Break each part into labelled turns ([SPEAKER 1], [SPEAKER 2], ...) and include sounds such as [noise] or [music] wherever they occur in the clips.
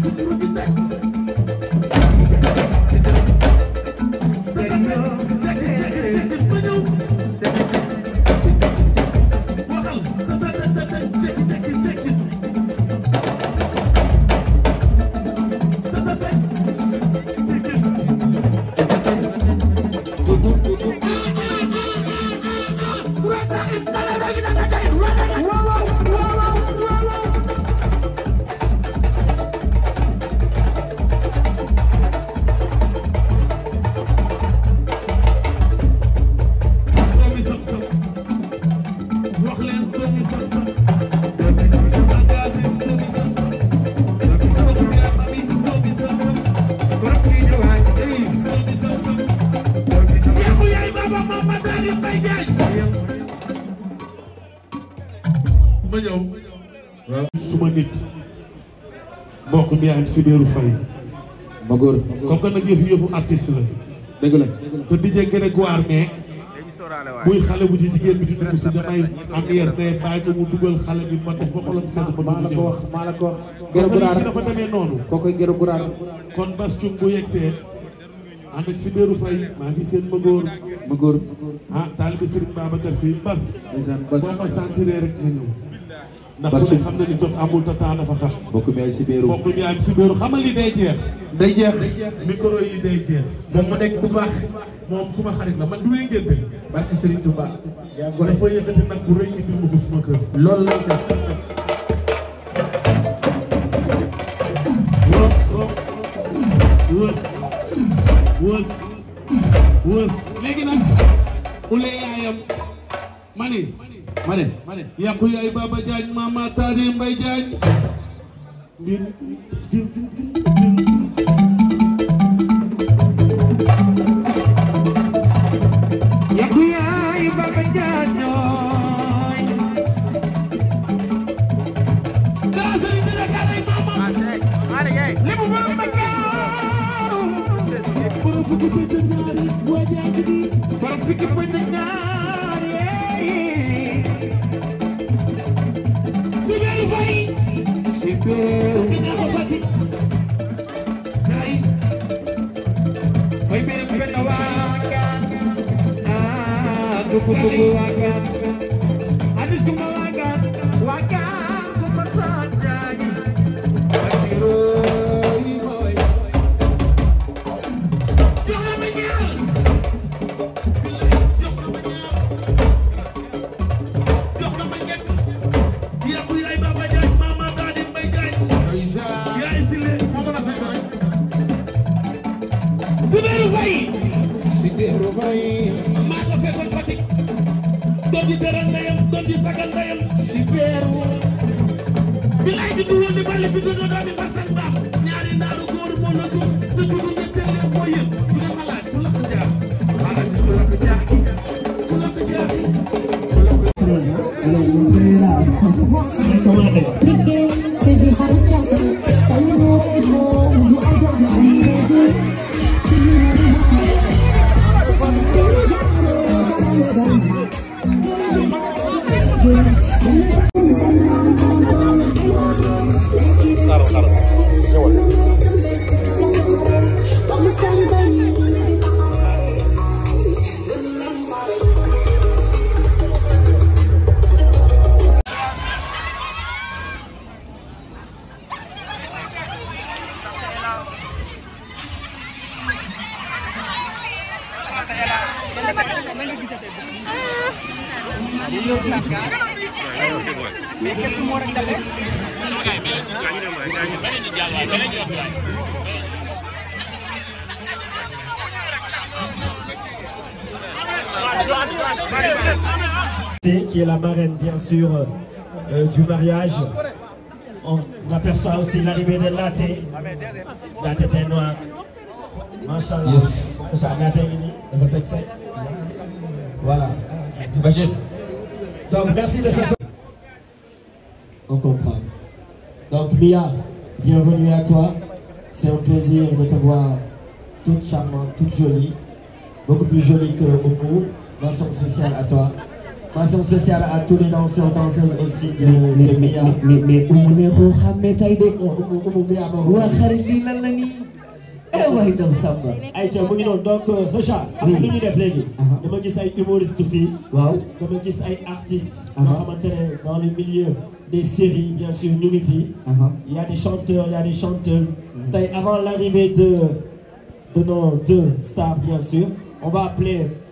[SPEAKER 1] Thank you.
[SPEAKER 2] Ibrahima Sibéeru Faye. ma góor comme que nag yëfu yëfu artiste la. dëgg la te DJ Grégoire mais. muy xale bu ji jigéen bi di dugg si damay am yar day bàyyi ko mu dugal xale bi ma def ba xolam sedd ba. maa la ko wax maa la ko wax. gërëm guraar dafa demee noonu. kooku kon Bas Cung bu yegsee. ànd ak Sibéeru Faye maa ngi seen ma góor. ma góor ah taalibe Serigne Babacar Sy Bas. ndeysaan Bas rek na ndax ku ne xam na ni jot amul te temps dafa xam. mbokk mi ak si biiru mbokk mi ak si biiru xamal li day jeex. day jeex micro yi day jeex. moom mu nekk ku baax moom suma xarit la man du may ngénte. barke Serigne Touba. yaa ngi dafa yëkkati nag bu rëy indil ma ko suma kër. loolu léegi nag. ule yaayam ma ne. ma ne yàqu yaay Baba Diagne mama taari Mbay Diagne mbir
[SPEAKER 1] yàqu yaay Baba Diagne nooy daa sëriñ dina kaaray mama li mu ma Ndakaaru tuku tuku
[SPEAKER 3] Qui est la marraine, bien sûr, euh, du mariage. On aperçoit aussi l'arrivée de Latte. Latte était noire. Machallah. Yes. Latte est Number 6. Voilà. Donc, merci de ça. On comprend. Donc, Mia, bienvenue à toi. C'est un plaisir de te voir toute charmante, toute jolie. Beaucoup plus jolie que beaucoup. Mention spéciale à toi. Mention spéciale à tous les danseurs, danseuses aussi de Mia. Mais mais tay de. Oumou Mia moom. waa xarit lii lan la nii. eh waay Ndaw Samba. ayca mu ngi noonu donc am na lu ñu def léegi. dama gis ay humoriste fii. waaw dama gis ay artistes. yoo xamante ne dans le milieu des séries bien sûr ñu ngi a des chanteurs il y a avant l'arrivée de de nos bien sûr on va appeler.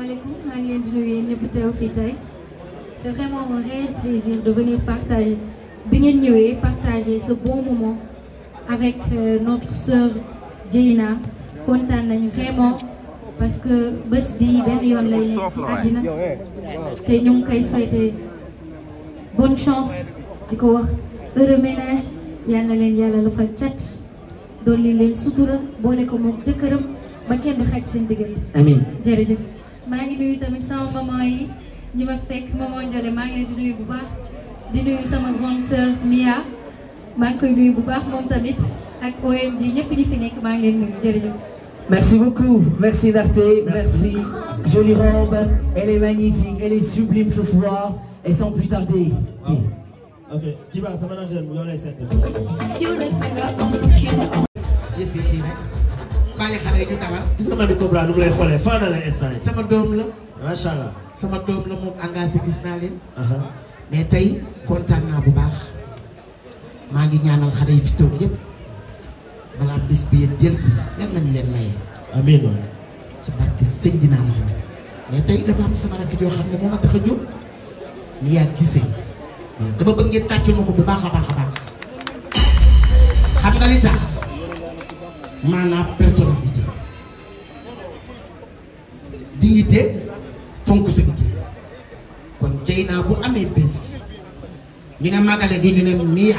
[SPEAKER 4] asalaamaaleykum maa ngi leen di nuyu yéen ñëpp teew fii tey c'est vraiment un réel plaisir de venir partager bi ngeen ñëwee partager ce bon moment avec euh, notre sœur Dieyna kontaan nañu vraiment parce que bés bi benn yoon lay nekk ci àddina te ñu ngi koy souhaiter bonne chance di ko wax heureux ménage yal na leen yàlla la fa cat dolli leen sutura boole ko moom jëkkëram ba kenn du xaj seen diggante. amiin maa ngi tamit sama maman yi ñi ma fekk maman Ndiolé maa ngi di nuyu bu baax di nuyu sama grande sœur Mia maa koy nuyu bu baax moom tamit ak OMG ñëpp ñi fi nekk maa ngi leen nuyu jërëjëf.
[SPEAKER 3] merci beaucoup merci Narté merci jolie robe elle est magnifique elle est sublime ce soir et sans plus tarder. Wow. ok Djiba sama manager bu yow lay seet.
[SPEAKER 5] bàyyi xale yi ñu dalal.
[SPEAKER 3] gis nga Mamy Cobra nu mu lay xoolee faa na la instant yi. sama doom la.
[SPEAKER 5] macha allah. sama doom la moom engagé gis naa leen. mais tey kontaan naa bu baax maa ngi ñaanal xale yi fi toog yëpp balaa bis bi yéen jël si yan nañu leen maye. amiin waay. ci barke Seydina Mohamed. mais tey dafa am sama rakk joo xam ne moo ma tax a jóg ni yaa gisee. Hmm. dama bëgg ngeen tàccu ma ko bu baax a baax a baax xam nga li tax. maanaam personnalité dignité fonk sa liggéey kon Dieyna bu amee bés mi nga màggale gi ñu ne mia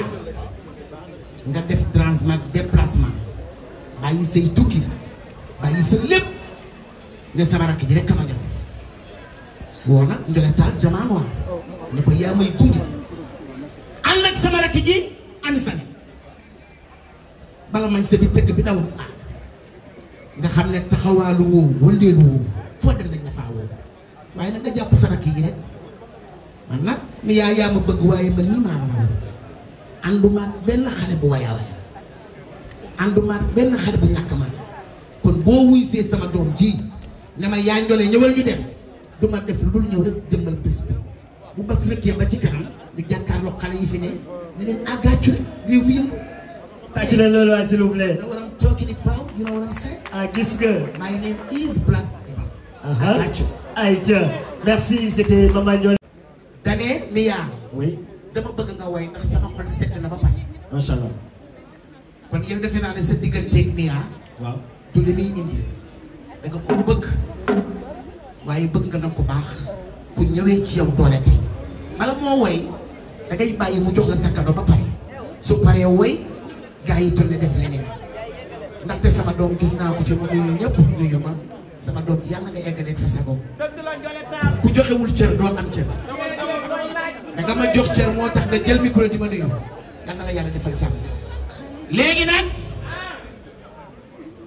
[SPEAKER 5] nga def transmat déplacement bàyyi say tukki bàyyi sa lépp ne sama rakk ji rekk ma dem woo nag njole taal jamaanoon ne ko yaa may gunge ànd ak sama ji bala mañ sa bi tëgg bi dawul aar nga xam ne taxawaalu woowu wëndeelu woowu foo dem dañ na faa woowu waaye nag nga jàpp sarak yi rek man nag mi yaa yaa ma bëgg waaye man nii maa war a woo benn xale bu wayaa wayaa ànduma benn xale bu ñàkk man kon boo wuy sama doom ji ne ma yaa njole ñëwal ñu dem duma def lu dul ñëw rek jëmmal bés bi bu bas rëkkee ba ci kanam ñu jàkkaarloo xale yi fi ne ne leen ah, àggaacu rek réew tàcc leen loolu waay s'il vous plaît. You know what I'm talking about? You know what I'm saying? ah gis nga. My name is Black Demba.
[SPEAKER 3] ah ah ayca. merci c'était Mama Ndiol.
[SPEAKER 5] Dane Mia. oui. dama bëgg nga way ndax sama xol sedd na ba pare. macha allah. kon yow defe naa ne sa digganteeg Mia. waaw du li muy indi. da nga ko bëgg. waaye bëgg nga nag ko baax. ku ñëwee ci yow doole tey. bala moo way da ngay bàyyi mu jox la sa kado ba pare. su paree way. gaa yi toll def leneen ndaxte sama doom gis naa ko fi ma nuyu ñëpp nuyu ma sama doom yàlla nga eggaleeg sa sago ku joxewul cër doo am cër danga ma jox cër moo tax nga jël micro di ma nuyu yal na la yàlla defal jàmm léegi nag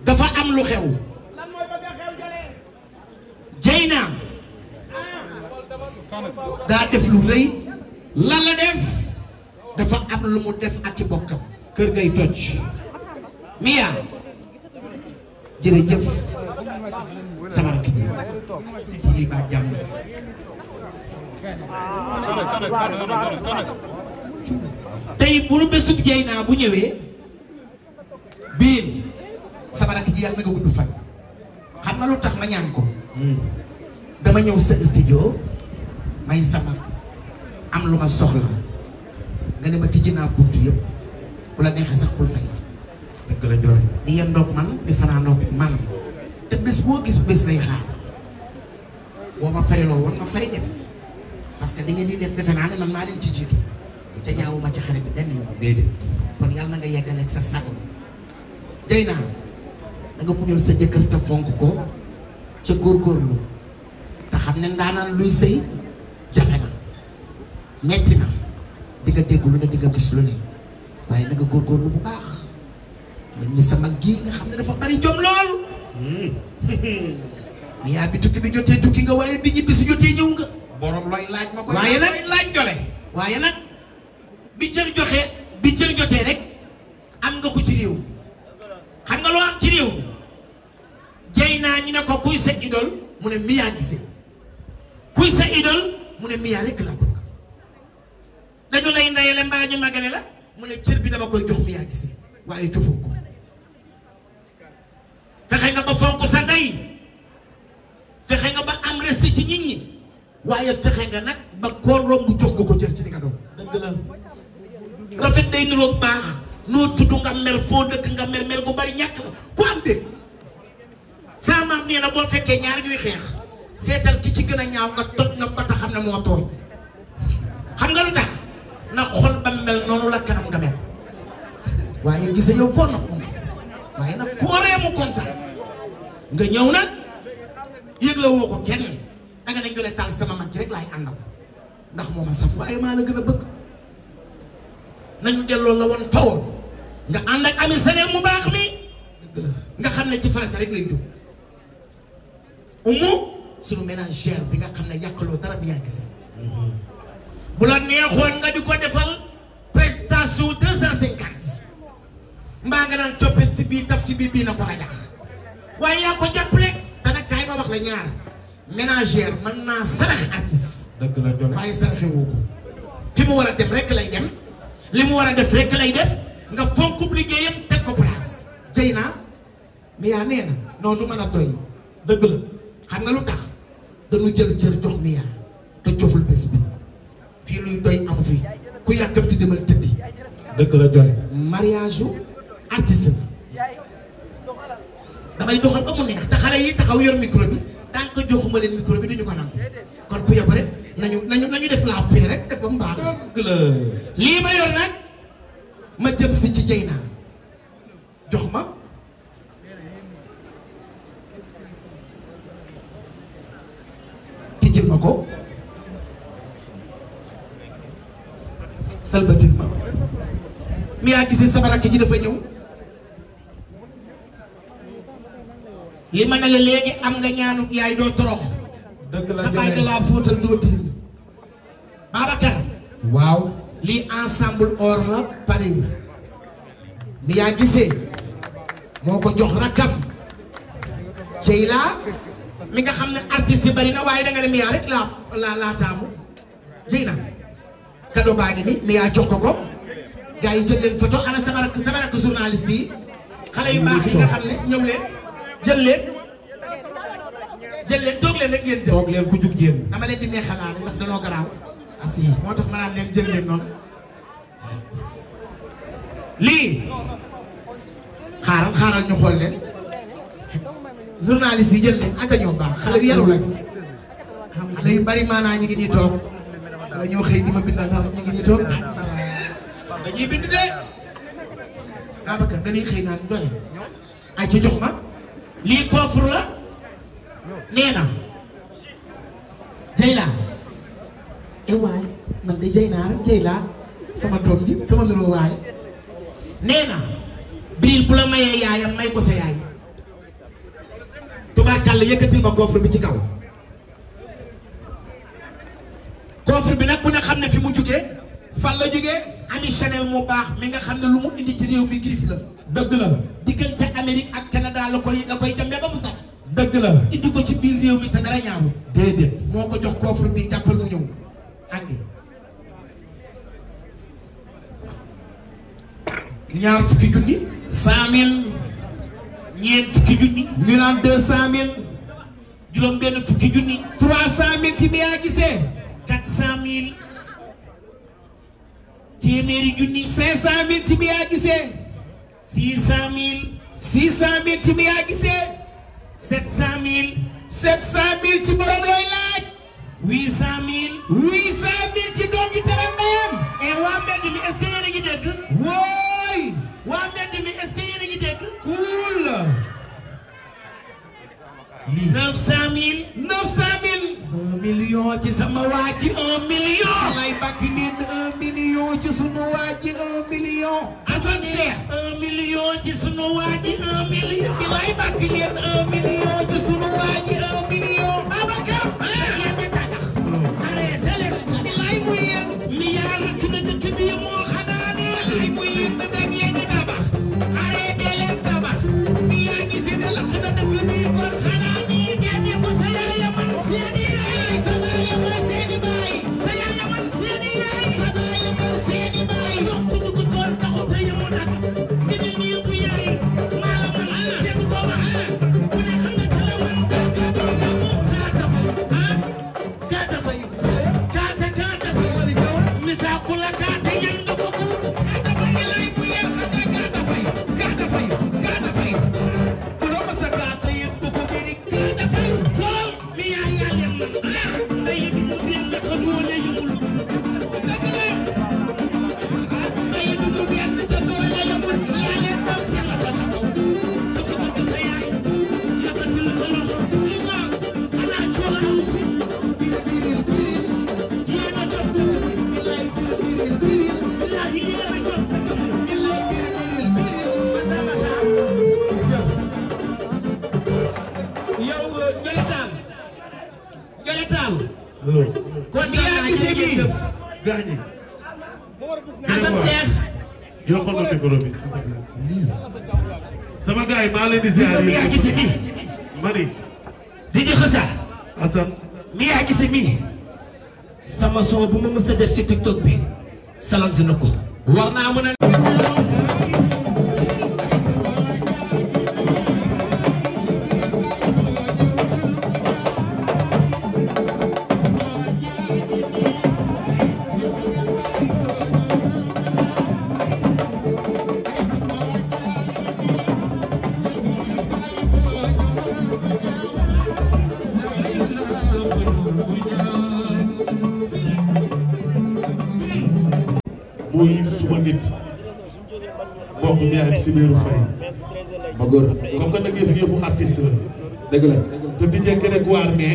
[SPEAKER 5] dafa am lu xew Dieyna daa def lu rëy lan la def dafa am lu mu def ak i kër gay toj Mia jërëjëf sama rakk ji ci tey bu nu bésub jey naa bu ñëwee biin sama rakk ji yàlla na nga gudd fan xam nga lu tax ma ñaan ko hmm. dama ñëw sa studio may sama am lu ma soxla nga ne ma tijji naa buntu yëpp bu la neexee sax bul fay dëgg la joxe di yendoog man di fanaanoog man te bés boo gis bés lay xaar boo ma fayloo woon nga fay def parce que da ngeen di def defe naa ne man maa leen ci jiitu ca ñaawuma ci xarit bi benn yoon déedéet na nga yeggale sa sago jëy naa da nga muñul sa jëkkër te fonk ko ca góor góorgóorlu te xam ne ndaanaan luy sëy jafe na metti na di dégg lu ne di gis lu ne waaye na nga góorgóorlu bu baax xam ne dafa bari jom lool hmm. [laughs] bi tukki bi tukki nga waaye bi ñibbi ñëw nga borom laaj ma koy waaye nag laaj jole waaye nag bi cër joxe bi cër jotee rek am nga ko ci réew xam nga loo am ci réew mi jey naa ñu ne ko kuy sa idol mu ne miyaa gisee kuy sa idol mu ne miyaa rek la dañu lay ndeyale mbaa ñu magale la mu ne cër bi dama koy jox mi yaa gisee waaye jofoo ko fexe nga ba fonk sa ndey fexe nga ba am respect ci nit ñi waaye fexe nga nag ba koor romb jox ko ko cër ci li nga rafet day niroog baax noo tudd nga mer foo dëkk nga mer mer gu bari ñàkk ku am dégg saa nee na boo fekkee ñaar ñuy xeex seetal ki ci gën a ñaaw nga toj na ba tax xam ne moo tooñ xam nga lu tax na xol ba mel noonu la kanam nga mel waaye gise yow koo nopp moom waaye nag kooree mu kontaan nga ñëw nag yëg la woo ko kenn danga ne jone taal sama mag ji rek laay àndal ndax moom a saf waaye maa la gën a bëgg nañu delloo la woon tawoon nga ànd ak ami seneen mu baax mi nga xam ne ci farata rek lay jóg umu sunu ménagère bi nga xam ne yàqaloo dara mi yaa gisee bu la neexoon nga di ko defal prestation deux cent cinquante mbaa nga naan coppit ci bii taf ci bii bii na ko rajax waaye yaa ko jàppale te nag kaay ma wax la ñaar ménagère mën naa sarax artiste. waaye saraxe ko fi mu war a dem rek lay dem li mu war a def rek lay def nga fonk liggéeyam teg ko place jëy naa mais yaa nee na non du mën a doy dëgg la xam nga lu tax dañu jël cër jox mi yaa te coful bés bi. luy doy amu fi ku yàkkamti demal tëddi. dëgg la damay doxal ba mu neex te yi taxaw yor micro bi tant que joxuma leen micro bi duñu ko nangu kon ku yóbbu rek nañu nañu nañu def la paix rek def ba mu lii ma yor nag ma jëm si ci Dieyna jox ma. te jël ma ko. tëlbatiquement mi yaa gisee sama rakk ji dafa ñëw li ma ne la léegi am nga ñaanu yaay doo torox sa baay laa fóotal doo tilim Babacar waaw lii ensemble or la Paris mi yaa gisee moo ko jox rakkam Ceyla mi nga xam ne artiste yi bari waaye da nga ne yaa rek laa laa laa taamu Jeyna kado baa ngi ni Mia jox ko ko gars yi jël leen photo ana sama rakk sama rakk journaliste yi xale yu baax yi nga xam ne ñëw leen jël leen jël leen toog leen ngeen jël. toog leen ku jug jéem. dama leen di neexalaat ah, moo tax ma jël leen noonu xaaral xaaral ñu xool leen journaliste yi jël leen ak a ñoo baax xale yu yaru lañ xale yu bari maanaa ñu ngi nii toog. wala ñoo xëy di ma bindal naa ñu ngi nii dañuy bind de dañuy xëy naan doole ay ca jox ma lii coffre la nee na Jeyla eh waay man de Jeynaa rek sama doom ji sama nuroo waale nee na biir bu la mayee yaayam may ko sa yaay tubaarkàlla yëkkatil ba coffre bi ci kaw. coffre bi nag ku ne xam ne fi mu jugee fan la jugee ami Chanel mu baax mi nga xam ne lu mu indi ci réew mi griffe la. dëgg la diggante Amérique ak Canada la koy la koy jëmee ba mu saf. dëgg la indi ko ci biir réew mi te dara ñaawul. déedéet moo ko jox coffre bi jàppal mu ñëw andi. ñaar fukki junni. cent mille. ñeent fukki junni. ñu deux cent mille. juróom benn fukki junni. trois cent mille ci mi yaa gisee. quatre cent mille téeméeri junni cinq cent mille ci bi yaa gisee six cent mille six ci bi ci borom looy laaj huit cent mille huit cent mille ci doom ji teram ndeyam et eh, waa mbedd mi est-ce que yéen a wooy waa mbedd lii neuf cent mille. neuf cent mille. un million ci sama waa ji un million. lay bakk leen un million ci sunu waa ji un million. Assane Seck un million ci sunu waa ji un million.
[SPEAKER 1] lay bakk leen un million ci sunu waa ji un million. Babacar. Ah!
[SPEAKER 2] gis nga yaa gis bi suma nit mbokk mi ak Sibéru Faye. ma góor comme que nag yëfu yëfu artiste la. dëgg la te njëkk rek waar ne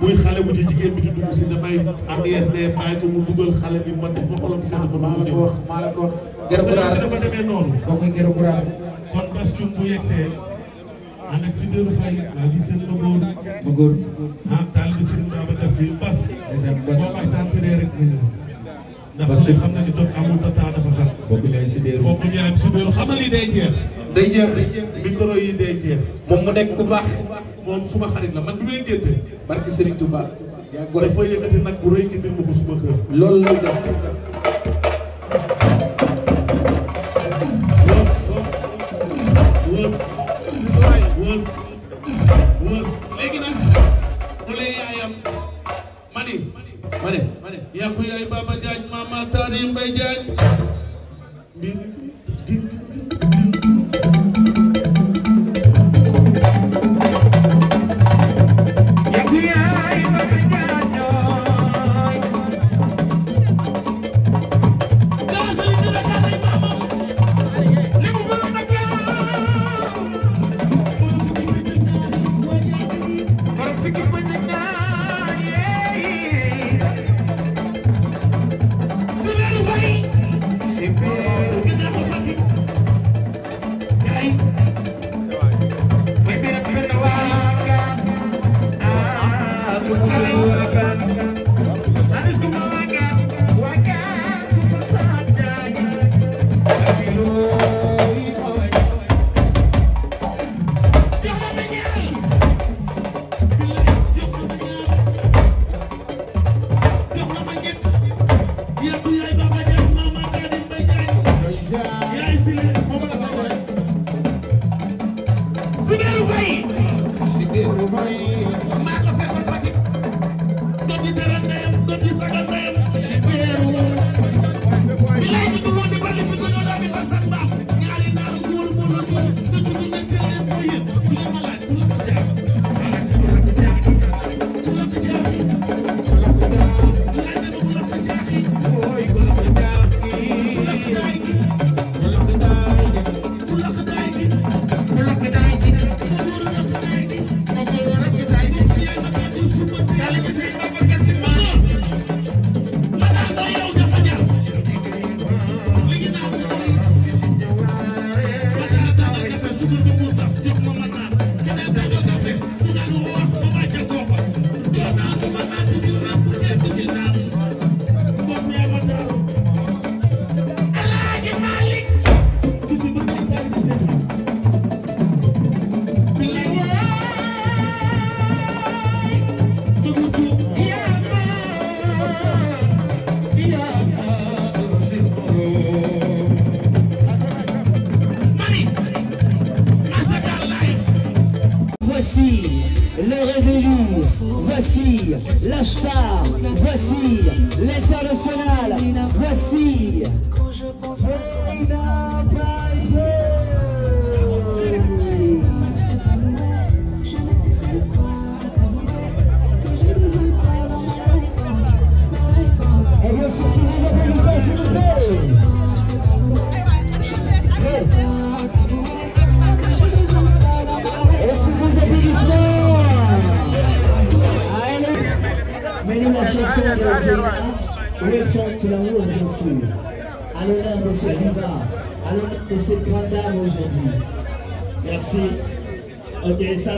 [SPEAKER 2] muy xale bu ci jigéen bi di dugg si damay arrière ne bàyyi ko mu dugal xale bi man def ma xolam seen ba maa la ko wax maa la ko wax. gerte daal dafa demee noonu. kooku gerte guraar. kon costume bu yegsee. ànd ak Sibéru Faye. waa fii seen ma góor. ma góor ah taal bi seen Babacar Si Bass. parce que xam na ni jot amul te temps dafa xam. bokk ñaay si biir bokk ñaay si biir xam na li day jeex. day jeex micro day jeex. moom mu nekk ku baax. moom suma xarit la man du may génte. barki Serigne Touba. yaa ngi koy dafa nag bu rëy gi dimb ko suma kër. loolu lay def. bu yaay Baba Diagne Mama Tari
[SPEAKER 1] Mbaye Diagne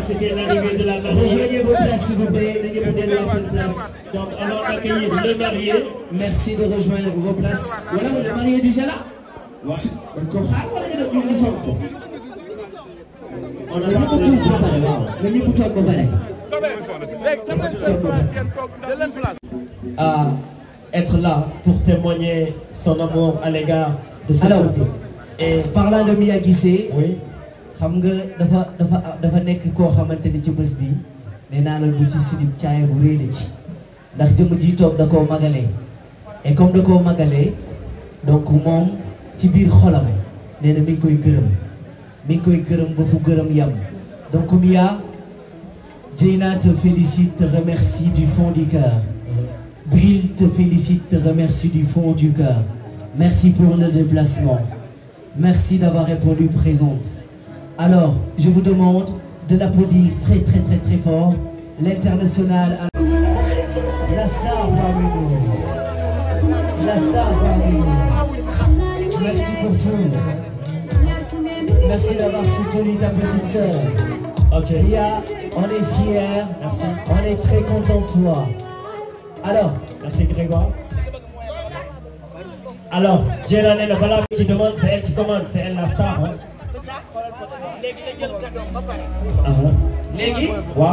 [SPEAKER 3] ça c'était l'arrivée de la mariée. Rejoignez vos places s'il vous plaît, dañu ko delluwaat seen place. Donc alors accueillir le marié. Merci de rejoindre vos places. Voilà, le marié est déjà là. waaw dañ ko xaar wala ñu def ñu ñu soog ko. on a ñëpp tuus ba pare waaw na ñëpp toog ba pare. à être là pour témoigner son amour à l'égard de ce Alors, et parlant de Mia Guissé. Oui. xam nga dafa dafa dafa nekk koo xamante ni ci bés bi nee naa la bu ci caaya bu réy la ci ndax jëmm ji toog da koo magalee et comme da koo magalee donc moom ci biir xolam nee mi ngi koy gërëm mi ngi koy gërëm ba fu gërëm yam donc Mia Dieyna te félicite te remercie du fond du cœur Bril te félicite te remercie du fond du cœur merci pour le déplacement merci d'avoir répondu présente Alors, je vous demande de l'applaudir très très très très fort. L'international. La star parmi La star parmi Merci pour tout.
[SPEAKER 1] Merci d'avoir soutenu
[SPEAKER 3] ta petite sœur. OK. on est fiers. On est très content toi. Alors. Merci Grégoire. Alors, Jélane, qui demande, c'est elle qui commande, c'est elle la star. Uh-huh. léegi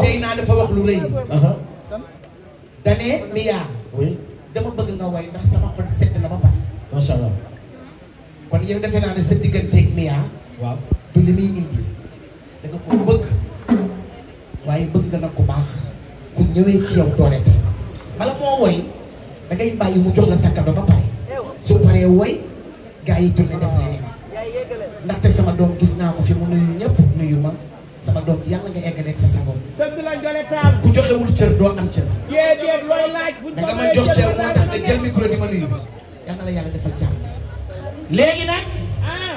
[SPEAKER 3] tey naa dafa wax lu rëy uh-huh.
[SPEAKER 5] danee miyaa dama bëgg nga way ndax sama xol sedd na ba pare masha allah kon yow defe naa ne sa digganteeg miyaa waaw du indi da ko bëgg waaye bëgg nga nag ku baax ku ñëwee ci yow doole tey bala moo woy da bàyyi mu jox la sa kado ba pare su paree woy gaa yi tourné def leneen ndaxte sama doom gis naa ko fi mu nuyu ñëpp nuyu ma sama doom yàlla nga eggaleeg sa sangoom. dëgg ku joxewul cër doo am cër. déedéet looy laaj bu ñu da nga ma jox cër moo tax nga jël micro di ma nuyu. yal la yàlla defal jàmm. léegi nag. Ah.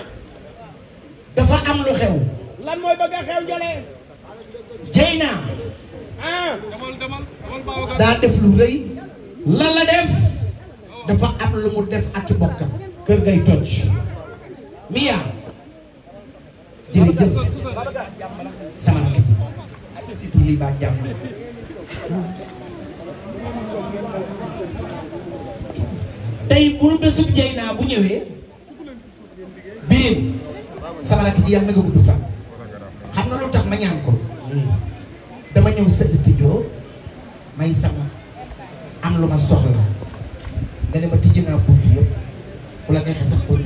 [SPEAKER 5] dafa am lu xew. lan mooy ah. daa def lu rëy. lan la def. dafa am lu mu def ak ci kër gay toj. Mia. jërëjëf sama rakk ji tey bu nu bésub jey naa bu ñëwee birim sama rakk ji yàlla nga gudd fan xam nga lu tax ma ñaan ko dama ñëw sa studio may sama am lu ma soxla nga ne ma tijji naa buntu yëpp bu la neexee sax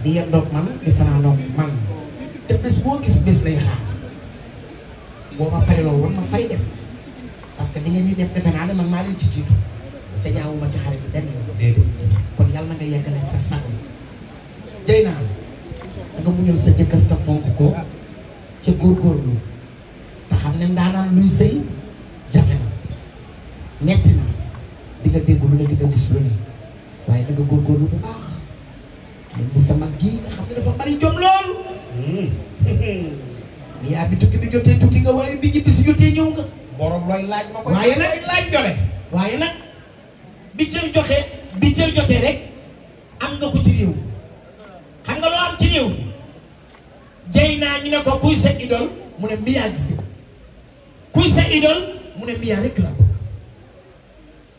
[SPEAKER 5] di yendoog man di fanaanoog man te bés boo gis bés lay xaar boo ma fayloo woon ma fay dem parce que li ngeen di def defe naa ne man maa ci jiitu ca ñaawuma ci xare bi benn yoon kon yàlla na nga yeggale ak sa sago jëy naa da nga muñal sa jëkkër te fonk ko ca góorgóorlu te xam ne ndaanaan luy sëy jafe na metti na di nga dégg lu ne di gis lu ne waaye da nga góorgóorlu bu baax lenn sama gi nga xam ne dafa bari jom lool. mais hmm. [laughs] bi tukki bi jotee tukki nga waaye bi ñibbi si jotee ñëw nga. borom looy laaj ma koy. waaye nag laaj jole. waaye nag bi cër joxe bi cër jotee rek am nga ko ci réew. xam nga loo am ci réew. jëy naa ñu ne ko kuy sa idol mu ne Mia Guissé kuy sa idol mu ne Mia rek la bëgg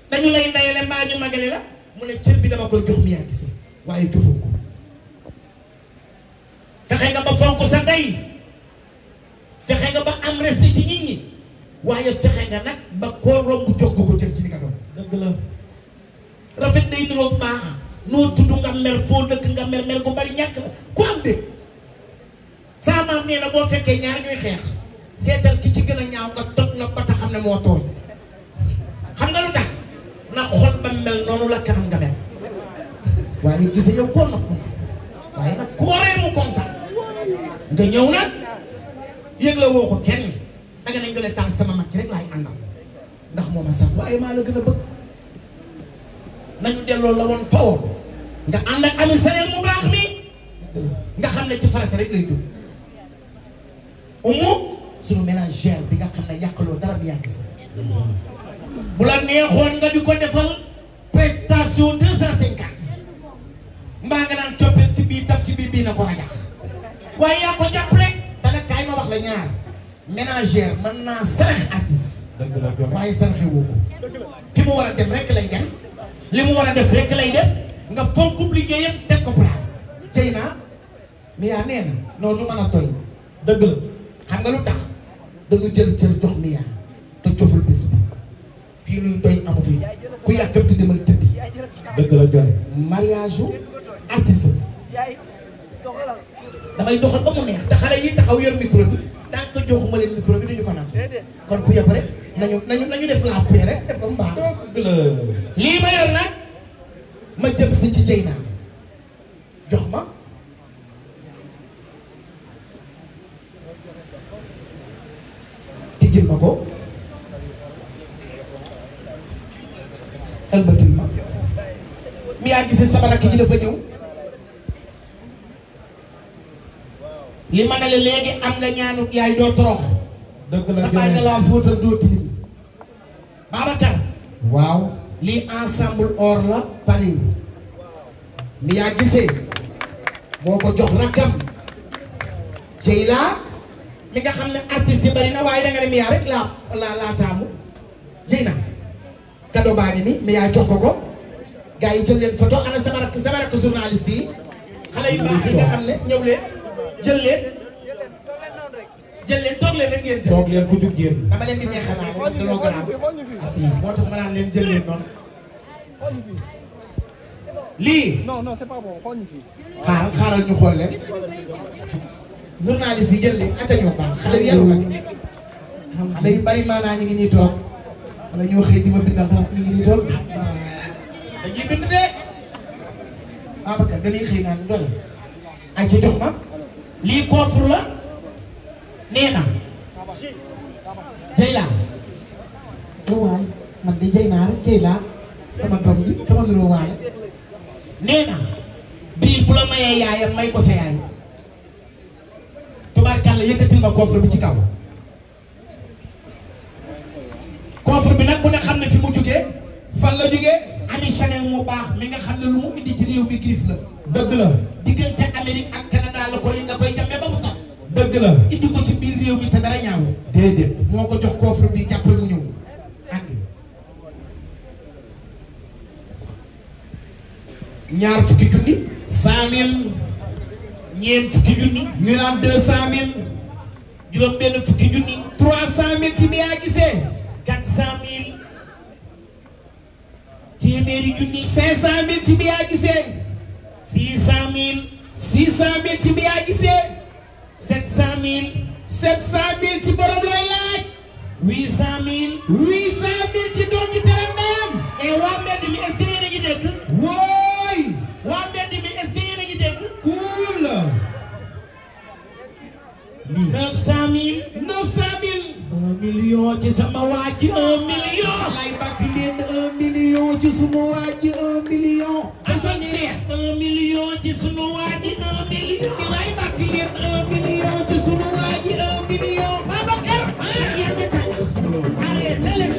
[SPEAKER 5] dañu lay nayale mbaa ñu magale la mu ne cër bi dama koy jox Mia Guissé. waaye jëfoo ko fexe nga ba fonk sa ndey fexe nga ba am respect ci nit ñi waaye fexe nga nag ba koo romb jox ko ko cër ci li nga doon dëgg la rafet day niroog baax noo tudd nga mer foo dëkk nga mer mer ko bari ñàkk la ku am dëkk nee na boo fekkee ñaar ñuy xeex seetal ki ci gën a ñaaw nga toj na ba te xam ne moo tooñ Habib Guissé yow koor nag mun waaye nag kooree mu kontaan nga ñëw nag yëg la woo ko kenn danga nañ ko taal sama mag rek laay àndal ndax moom a saf waaye maa la gën a bëgg nañu delloo la woon fawoo nga ànd ak ami sareel mu baax mi nga xam ne ci farata rek lay dugg umu suñu ménagère bi nga xam ne yàqaloo dara bi yaa gis
[SPEAKER 4] mm-hmm.
[SPEAKER 5] bu la neexoon nga di ko defal prestation deux cent cinquante mbaa nga naan coppil ci biir taf ci biir bii na ko rajax waaye yaa ko jàppale dana kaay ma wax la ñaar ménagère mën naa sarax artiste waaye saraxe woo ko fi mu war a dem rek lay dem li mu war a def rek lay def nga fonk liggéeyam teg ko place jëy naa mais yaa nee na noonu lu mën a toy dëgg la xam nga lu tax dañu jël cër jox mi yaa te coful bés bi fii luy doy amu fi ku yàkkamti demal tëddi dëgg la jël mariage artiste damay doxal ba mu neex te xale yi taxaw yor micro bi tant joxuma leen micro bi duñu ko kon ku yëpp rek nañu nañu def la rek def ko mu baax lii ma yor
[SPEAKER 2] nag
[SPEAKER 5] si ci jëy naa jox ma ma ko ëlbatil ma mi yaa gisee sama rakk ji dafa ñëw li ma ne la am nga ñaanu yaay doo torox. dëgg la sa bàyyi la fóotal doo tilim. Babacar. waaw. lii ensemble or la Paris. mi yaa gisee. moo ko jox rakam. Jeyla. mi nga xam ne artistes yi bari na waaye danga ne mi yaa rek laa laa laa taamu. Jeyna. kado baa ni mi yaa jox ko ko. gars yi jël leen photo ana sama rakk sama yi. xale yu nga xam ne ñëw leen. jël leen jël leen toog leen rek ngeen jël. toog leen ku assi moo tax ma naan leen jël leen noonu. lii. non
[SPEAKER 1] non c'est pas bon xool ñu fii. xaaral xaaral ñu xool leen. journaliste
[SPEAKER 5] yi jël leen attañu baax xale yu yaru nag. xale yu bari maanaa ñu ngi ñuy toog. wala ñoo xëy di ma bindal dara ñu ngi ñuy toog. dañuy bind de. Babacar dañuy xëy naan ndol. ay ca jox ma. lii coffre la nee na Dieyla waay man de Dieyna rek Dieyla sama doom ji sama nuroo waale nee bii bu la mayee yaayam may ko sa yaay tubaarkàlla yëkkatil ma coffre bi ci kaw coffre bi nag ku ne xam ne fi mu jógee fan la jógee Ami Chanel mu baax mi nga xam ne lu mu indi ci réew mi griffe la dëgg la diggante Amérique ak Canada la koy nga koy dëgg la. indi ko ci biir réew mi te dara ñaaw. déedéet moo ko jox coffre bi jàppal mu ñëw ñaar fukki junni. cent mille. ñeent fukki junni. ñu deux cent mille. juróom benn fukki junni. trois cent mille ci miyaa gisee. quatre cent mille. téeméeri junni. cinq cent mille ci miyaa gisee. six cent mille. six cent mille ci miyaa gisee. 700000 700000 ci borom lay laaj. 800000. 800000 ci doom ji teral ndeyam. et eh, waa mbedd mi est-ce que yéen a ngi dégg. wooy. waa mbedd mi est-ce que yéen a ngi dégg. cool. 900000. 900000. 1 million ci sama waa ji 1 million. lay bakk leen 1 million ci suma waa ji 1 million. asan seex 1 million ci suma waa ji 1 million. lay bakk leen
[SPEAKER 1] Babacar arrêtez leen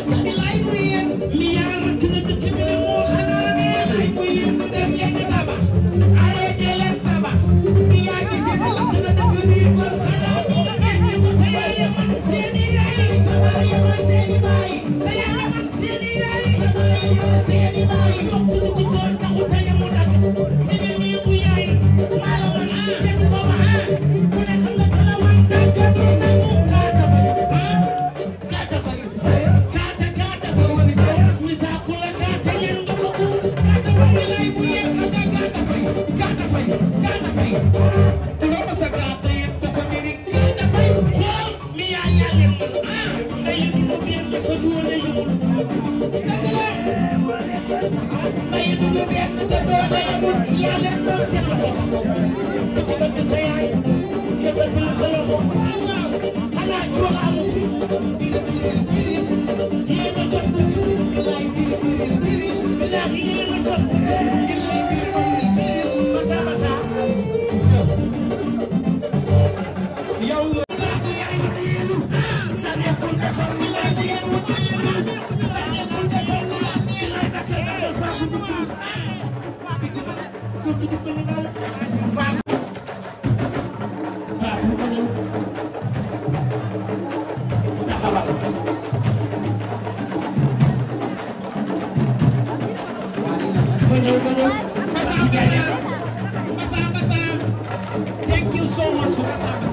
[SPEAKER 1] Thank you so much, Super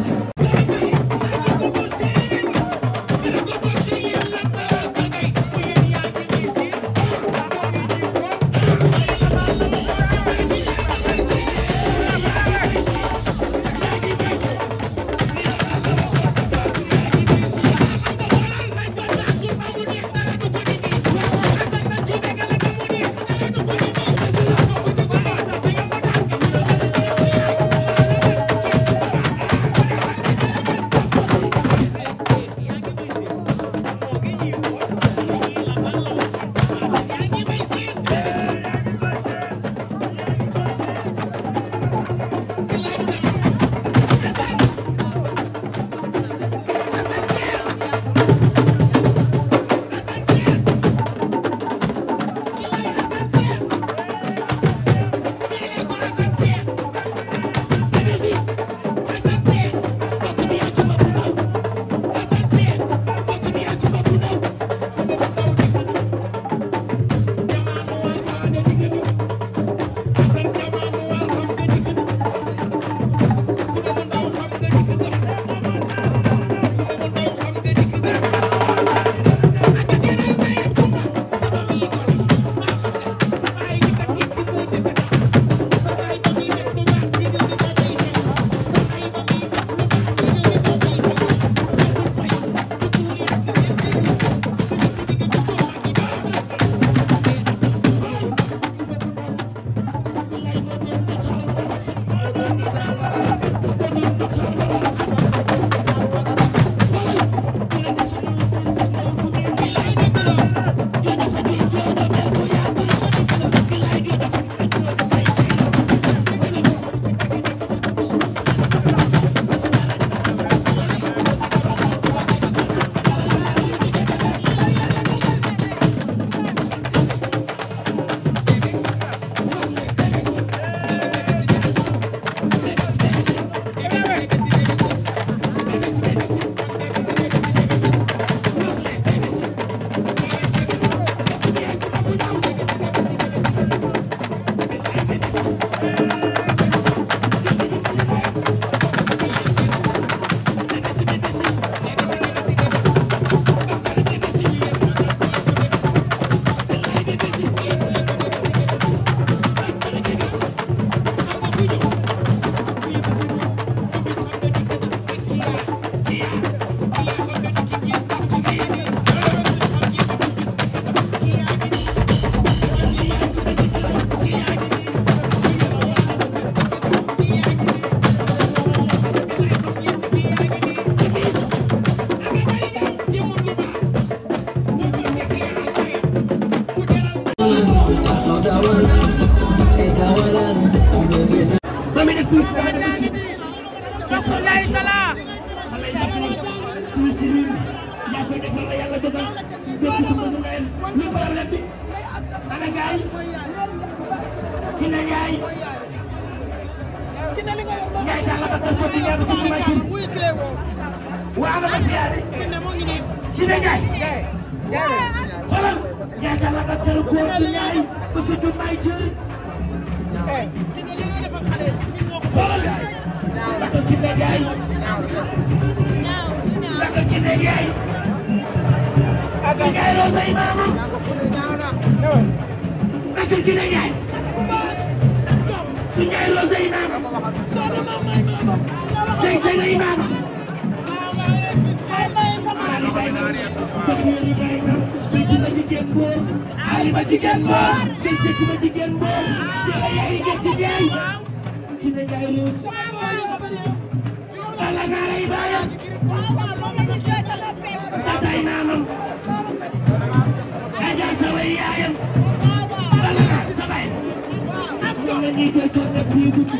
[SPEAKER 1] Allah na ray baayam batay naanam aja saway yaayam Allah na sa baay ñu ngi ni jël jot na fi gudd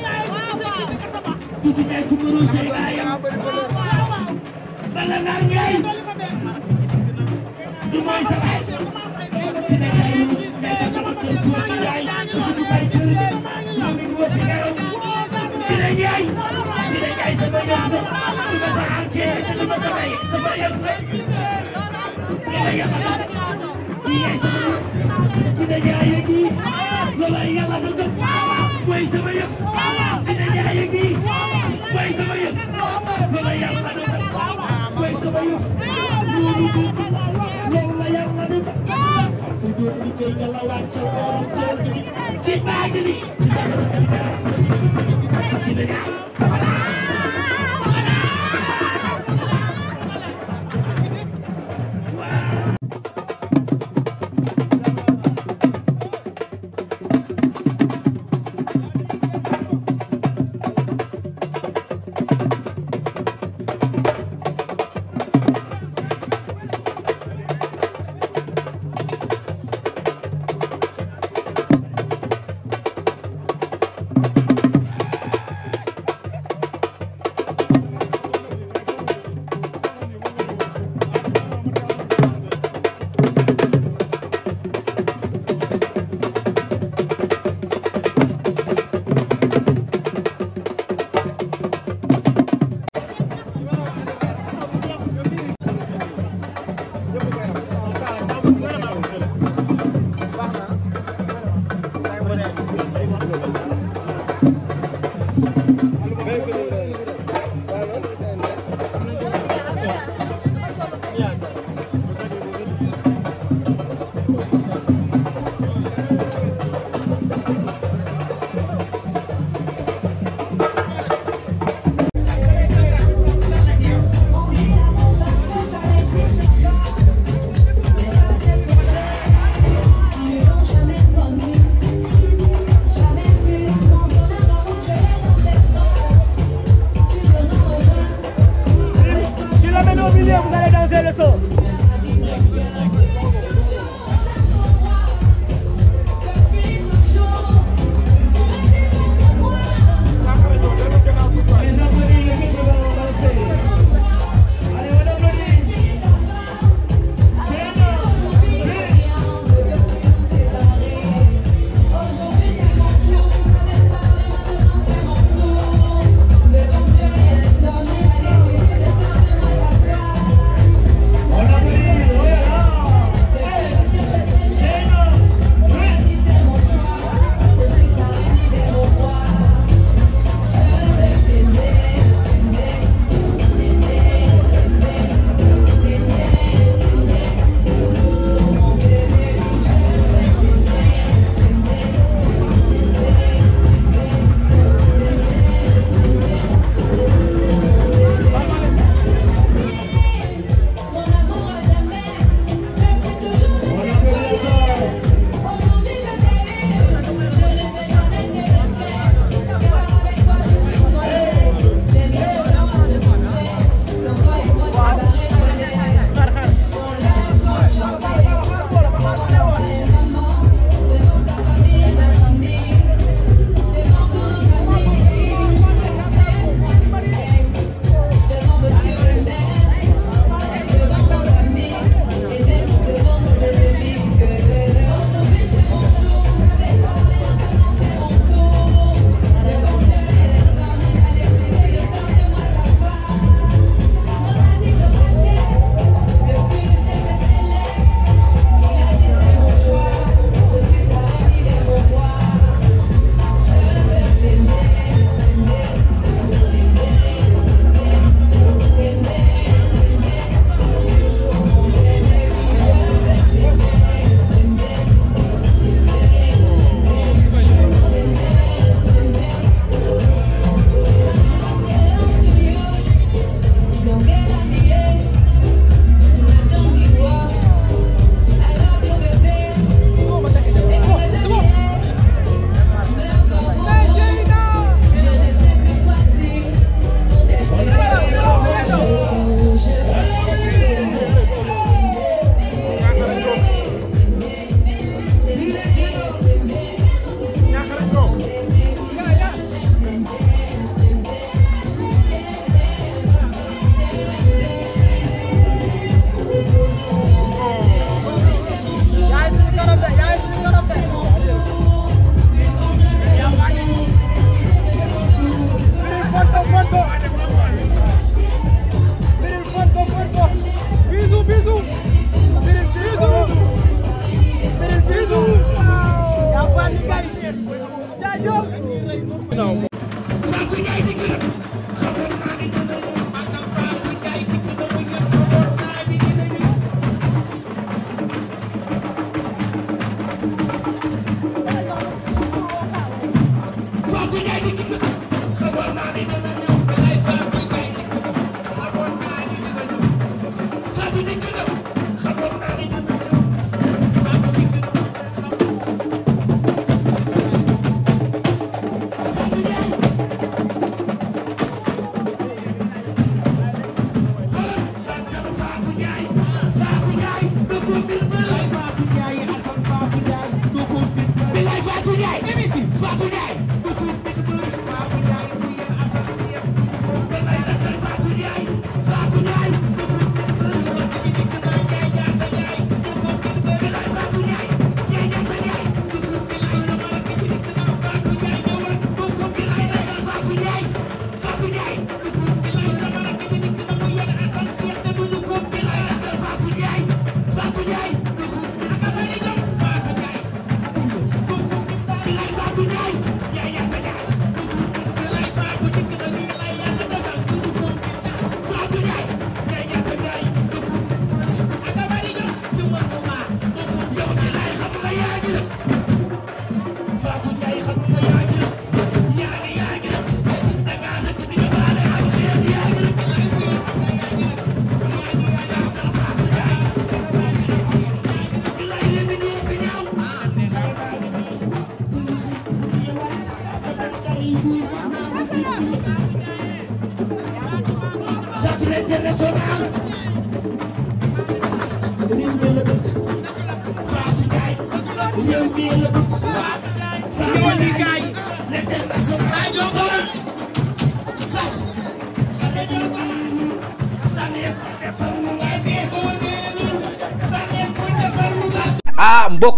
[SPEAKER 1] gudd na ci muru say baayam
[SPEAKER 4] Allah na ngay du mooy sa baay
[SPEAKER 1] ci ne ngay ñu ne ta ko ko ko jaay dina jaay sama yëf la du ma sa xaar ceeb te du ma sa may sama yëf la dina yàlla dina jaay sama yëf dina jaay ak yi loola yàlla dogal mooy sama yëf dina jaay ak yi mooy sama yëf loola yàlla dogal mooy sama yëf loolu la yàlla dogal kuy doon liggéey nga la wàcce borom tool gi ci baagi bi ci sa